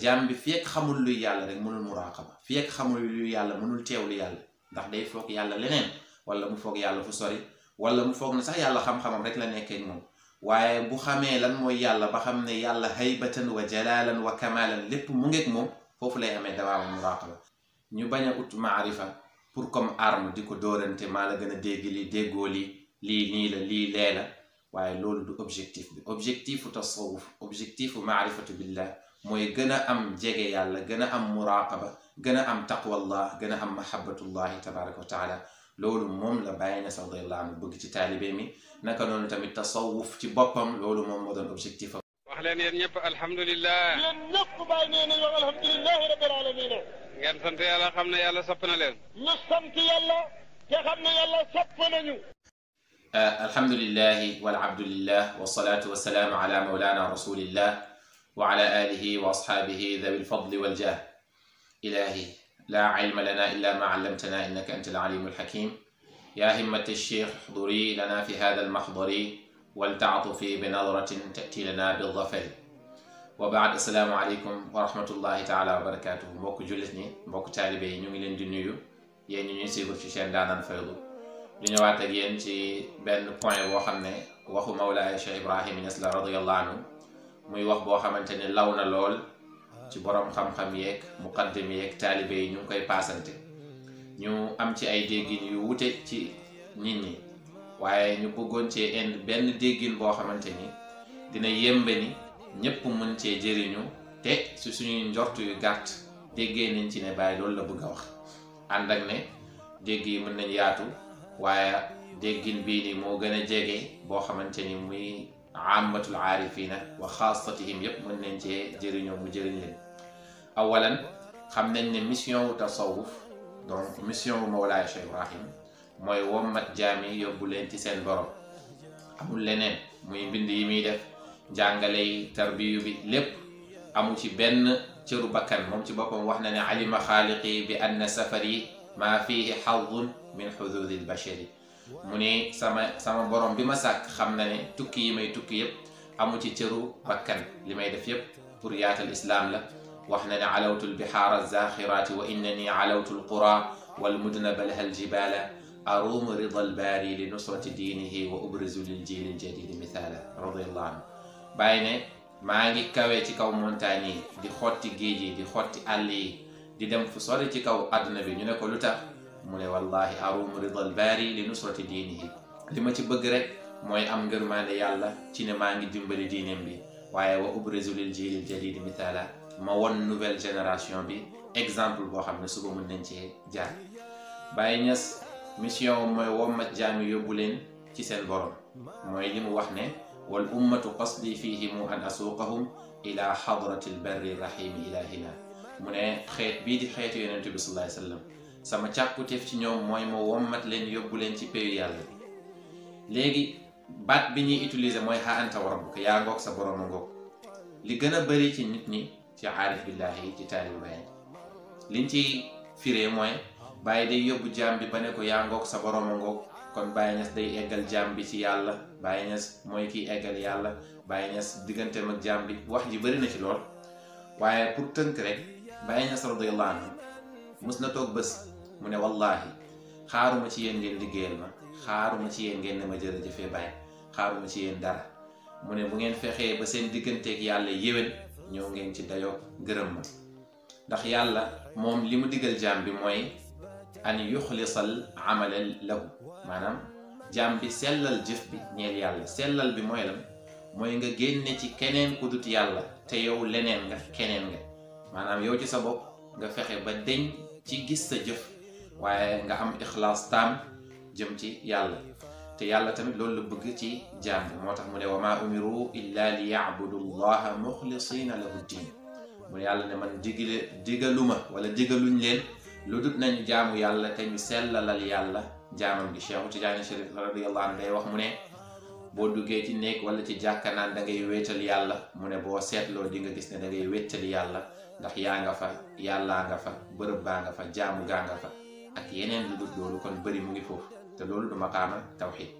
jambi bi ak xamul luy yàlla rek munul muraqaba fii ak xamul luy yàlla munul tewlu yàlla ndax day fokk yàlla leneen wala mu fokk yàlla fu sori wala mu fokk ne sax yàlla xam-xamam rek la nekké mom waye bu xamé lan moy yàlla ba xamné yàlla haybatan wa jalalan wa kamalan lépp mu ngek mom fofu lay amé dawa muraqaba ñu baña ut ma'rifa pour comme arme diko dorante mala gëna la gën a dégg lii la li lee waye waaye du objectif bi objectif tasawuf objectif ma'rifatu billah mooy gën a am jege yàlla gën a am muraqaba gën a am taqwallah gën a am mahabbatullahi tabaraka wa taala loolu moom la bàyyi na radiyallahu anhu bëgg ci taalibe mi naka noonu tamit tasawuf ci boppam loolu moom moo doon objectif am wax leen yéen ñëpp alhamdulillah yéen ñëpp bàyyi nee nañ wax alhamdulillahi rabbil alamin ngeen sant yàlla xam ne yàlla sopp na leen ñu sant yàlla te xam ne yàlla sopp nañu alhamdulillahi wal abdulillah wa salaatu wa salaamu ala mawlana rasulillah وعلى آله وأصحابه ذوي الفضل والجاه إلهي لا علم لنا إلا ما علمتنا إنك أنت العليم الحكيم يا همة الشيخ احضري لنا في هذا المحضر ولتعطفي بنظرة تأتي لنا بالظفر وبعد السلام عليكم ورحمة الله تعالى وبركاته موكو جلسني موكو تالبي نيومي لين دنيو يعني نيسي في شان دانا الفيضو لنيو واتا جين تي بان بوين وخمي وخو مولاي شيخ إبراهيم نسل رضي الله عنه muy wax boo xamante ne law na lool ci boroom xam-xam yeeg muqaddam yeeg taalibe yi ñu ngi koy paasante ñu am ci ay déggin yu wute ci nit ñi waaye ñu bëggoon cee ind benn déggin boo xamante ni dina yembe ni ñépp mën cee jëriñu te su suñuy njort yu gàtt déggee nañ ci ne bàyyi loolu la bëgg a wax ànd ak ne dégg yi mën nañ yaatu waaye déggin bii ni moo gën a jege boo xamante ni muy عامة العارفين وخاصتهم يقمن نجي جرينيو مجرينيو أولا خمنا نجي ميسيون تصوف دونك ميسيون مولاي شيخ راحيم موي ومت جامي يبولين تسين برو أمول لنين موي بند يمي دف جانغالي تربيو بي لب أمو تي بن تيرو بكن موم تي بكم وحنا نعلم خالقي بأن سفري ما فيه حظ من حدوث البشري mune sama sama borom bima sak xamna ne tukki yi may tukki yeb amu ci cëru bakkan limay def yeb pour yaatal islam la waxna ne alawtu al zakhirat wa innani alawtu lqura walmudna balha ljibala aruumu rida bari li nusrati dinihi wa ubrizu liljiil ljadidi mithaala radiallahu anhu bàyyi ne maa ngi kawe ci kaw montagne di xoti géej di xoti alli di dem fu sori ci kaw aduna bi ñu ne ko lutax mu wallahi arum al-bari li nusrati dinihi lima ci bëgg rek moy am ngërmaande yàlla ci ne maa ngi dimbali dinem bi waye wa ubrizu lil jiilil jadid mithala ma won nouvelle génération bi exemple bo xamne ne suba mën nañ ci jaar Baye ñess mission mooy wommat jaami yóbbu leen ci sen borom moy limu wax ne wal ummatu qasdi fihi mu an asuqahum ila hadratil barri rahim ilahina mune xet bi di xet yenenbi sallallahu alayhi wasallam sama càkkuteef ci ñoom mooy ma wommat leen yóbbu leen ci peyu yàlla bi léegi baat bi ñuy utiliser mooy xa anta sa borooma ngoog li gën a bëri ci nit ñi ci aarif billahi ci taalib ci firee mooy bàyyi day yóbbu jaam bi ba ne ko yaa ngoog sa borooma ngoog kon Baye day eggal jaam bi ci yàlla Baye Niass mooy kiy eggal yàlla Baye Niass digganteem ak jaam bi wax ji bëri na ci lool waaye pour tënk rek Baye Niass mës na toog bés mu ne wallaahi xaaruma ci yéen ngeen liggéeyal ma xaaruma ci yéen ngeen ne ma jërëjëfee bàyyi xaaruma ci yéen dara mu ne bu ngeen fexee ba seen digganteek yàlla yéwén ñëw ngeen ci dayoo gërëm ma ndax yàlla moom li mu diggal jaam bi mooy an yuxlisal amala lahu maanaam jaam bi sellal jëf bi ñeel yàlla sellal bi mooy lan mooy nga génne ci keneen ku yàlla te yow leneen nga keneen nga maanaam yow ci sa bopp nga fexe ba deñ ci gis sa jëf waaye nga am ixlaas taam jëm ci yàlla te yàlla tamit loolu la bëgg ci jaam moo tax mu ne wa maa umiru illa li yacbudu llaha muxlisina lahu ddin mu yàlla ne man digale digaluma wala digaluñ leen lu dut nañu jaamu yàlla te ñu sellalal yàlla jaamam gi Cheikhu Tijaani Sharif radiyallahu anhu day wax mu ne boo duggee ci néeg wala ci jàkka naan da ngay wéetal yàlla mu ne boo seetloo di nga gis ne da ngay wéetali yàlla ndax yaa nga fa yàllaa nga fa bërëb baa nga fa jaamu gaa nga fa ak yeneen lu dul loolu kon bëri mu ngi foofu te loolu du maqaama tawxid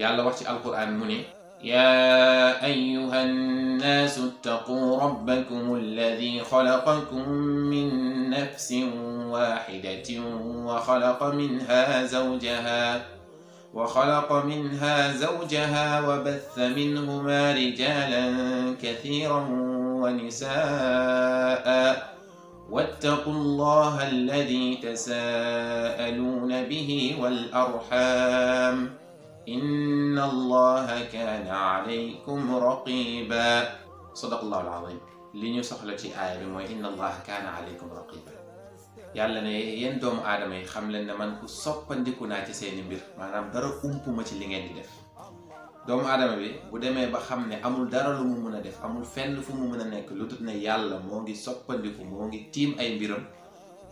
yàlla wax ci alquran mu ne يا أيها الناس اتقوا ربكم الذي خلقكم من نفس واحدة وخلق منها زوجها وخلق منها زوجها وبث منهما رجالا كثيرا ونساء واتقوا الله الذي تساءلون به والأرحام إن الله كان عليكم رقيبا صدق الله العظيم لن يصح لك آية وإن الله كان عليكم رقيبا yàlla ne yéen doomu aadama yi xam leen ne man ku soppandiku naa ci seeni mbir maanaam dara ump ma ci li ngeen di def doomu aadama bi bu demee ba xam ne amul dara lu mu mun a def amul fenn fu mu mun a nekk lu dul ne yàlla moo ngi soppandiku moo ngi tiim ay mbiram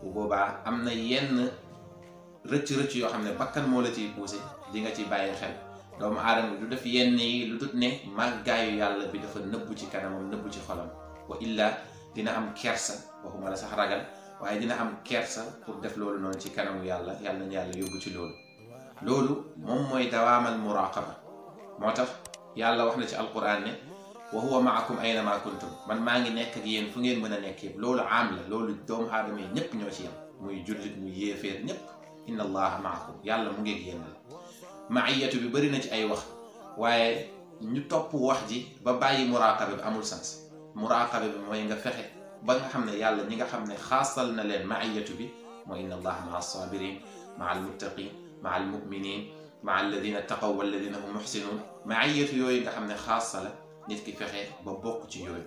bu boobaa am na yenn rëcc-rëcc yoo xam ne bakkan moo la ciy poussé di nga ci bàyyi xel doomu aadama bi du def yenn yi lu dul ne màggaayu yàlla bi dafa nëbbu ci kanamam nëbbu ci xolam wa illa dina am kersa waxuma la sax ragal waye dina am kersa pour def lolu non ci kanamu yàlla yàlla ñu yàlla yóbbu ci lolu loolu moom mooy dawaamal muraqaba motax yàlla waxna na ci alquran ne wa huwa maakum ayna ma kuntum man ma ngi nek ak yéen fu ngeen mën a nekk yëpp loolu am la lolu doomu adamay yi ñëpp ñoo ci yam muy jullit muy yéeféer ñëpp inna allaha maakum yàlla mu ngi yéen maiyatu bi bari na ci ay wax waye ñu top wax ji ba bàyyi muraqaba amul sens muraqaba bi mooy nga fexe ba nga xam ne yàlla ñi nga xam ne xaasal na leen maiyatu bi mooy inna allaha maa alsabirin maa almuttaqin maa almuminin maa alladina taqaw walladina hum muxsinun maiyatu yooyu nga xam ne xaasa la nit ki fexe ba bokk ci yooyu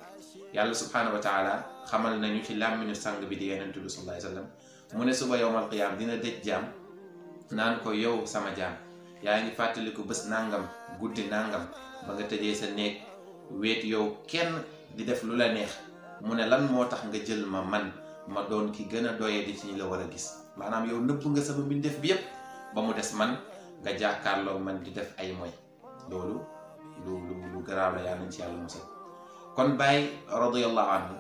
yàlla subhanahu wa taala xamal nañu ci làmminu sang bi di yenentu bi sallallahu alayhi wa sallam mu ne suba yowmal qiyaam dina dëj jaam naan ko yow sama jaam yaa ngi fàttaliku bés nangam guddi nangam ba nga tëjee sa néeg weet yow kenn di def lu la neex mu ne lan moo tax nga jël ma man ma doon ki gën a doye di ci ñu la war a gis maanaam yow nëbb nga sama mbindeef bi yépp ba mu des man nga jàkkaarloo man di def ay moy loolu lu lu lu garaaw la yàlla nañ ci yàlla musal kon Baye radiyallahu anhu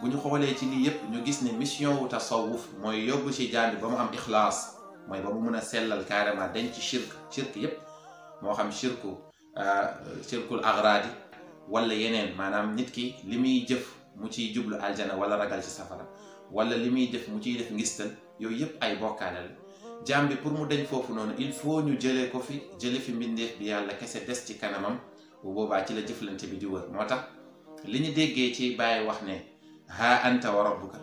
bu ñu xoolee ci lii yëpp ñu gis ne mission wu tasawuf mooy yóbbu ci jaandi ba mu am ixlaas mooy ba mu mën a sellal carrément dañ ci shirk shirk yépp moo xam shirku euh, shirkul agraadi wala yeneen maanaam nit ki li muy jëf muci ciy jublu aljana wala ragal ci safara wala limi def muci def ngistal yoy yep ay bokalal jambi pour mu deñ fofu non il faut ñu jëlé ko fi jële fi mbindeef bi yàlla kesse dess ci kanamam bu boba ci la jëflante bi di wër motax liñu déggé ci baye wax ne ha anta wa rabbuka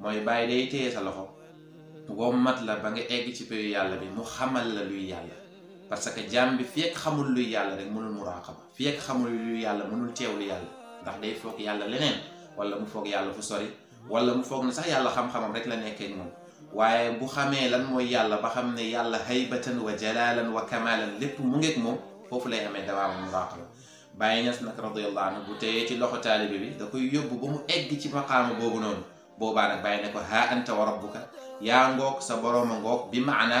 moy baye day téye sa loxo mat la ba nga egg ci peuy yàlla bi mu xamal la luy yàlla parce que jambi bi fi ak xamul luy yàlla rek mënul muraqaba fi ak xamul luy yàlla mënul tewlu yàlla ndax day fokk yàlla leneen wala mu foog yàlla fu sori wala mu foog ne sax yàlla xam-xamam rek la nekkee moom waaye bu xamee lan mooy yàlla ba xam ne yàlla haybatan wa jalalan wa kamalan lépp mu ngeeg moom foofu lay amee dawaamu muraqaba bàyyi ñas nag radiyallahu anhu bu teyee ci loxo taalibe bi da koy yóbbu ba mu egg ci maqaama boobu noonu boobaa nag bàyyi ne ko ha anta wa rabbuka yaa ngoog sa borooma ngoog bi maana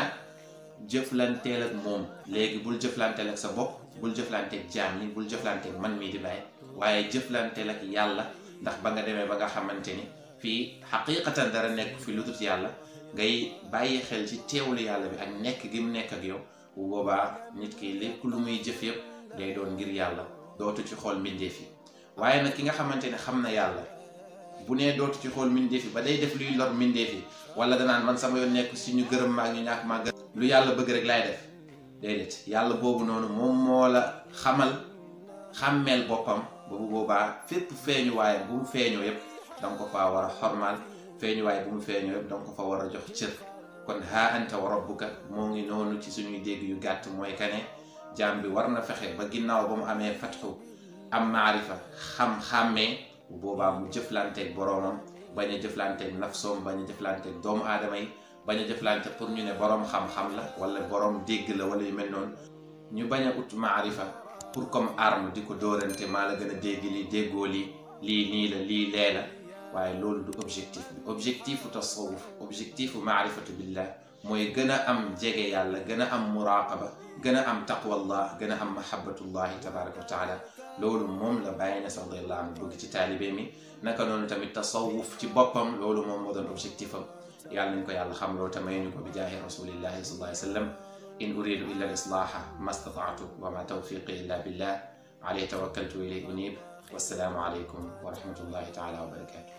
jëflanteel ak moom léegi bul jëflanteel ak sa bopp bul jëflanteeg jaam yi bul jëflanteeg man mii di bàyyi waaye jëflanteel ak yàlla ndax ba nga demee ba nga xamante ni fii xaqiqatan dara nekk fi lu dut yàlla ngay bàyyi xel ci teewlu yàlla bi ak nekk gi mu nekk ak yow bu boobaa nit ki lépp lu muy jëf yëpp day ngir yàlla dootu ci xool mbindeef yi waaye nag ki nga xamante ne xam na yàlla bu nee dootu ci xool mbindeef yi ba day def luy lor mbindeef yi wala danaan man sama yoon nekk si gërëm maa ngi ñàkk maa gërëm lu yàlla bëgg rek laay def déedéet yàlla boobu noonu moom moo la xamal xàmmeel boppam ba bu boobaa fépp feeñuwaay bu mu feeñoo yëpp da nga ko faa war a xormaal feeñuwaay bu mu feeñoo yëpp da ko fa war a jox cër kon haa anta wa rabbuka moo ngi noonu ci suñuy dégg yu gàtt mooy kane jaam bi war na fexe ba ginnaaw ba mu amee fatxu am maarifa xam-xàmmee boobaa mu jëflanteeg boroomam bañ a jëflanteeg nafsoom bañ a jëflanteeg doomu aadama yi bañ a jëflante pour ñu ne borom xam-xam la wala borom dégg la wala yu mel noonu ñu bañ a ut maarifa pour comme arme diko doranté mala gëna la gën a dégg li ni la li lee waye lolu du objectif bi objectifu tasawuf objectif ma'rifatu billah moy gëna am djégé yàlla gëna am muraqaba gëna am taqwa allah gëna am mahabbatu allah tabaraka wa taala lolu mom la bàyyi na radiyallahu anhu bëgg ci taalibe mi naka noonu tamit tasawuf ci bopam lolu mom mo doon objectif yàlla ñu ko yàlla xam loo tamay ñu ko bi jaahi rasulillahi sallallahu alayhi wa sallam إن أريد إلا الإصلاح ما استطعت وما توفيقي إلا بالله عليه توكلت وإليه أنيب والسلام عليكم ورحمة الله تعالى وبركاته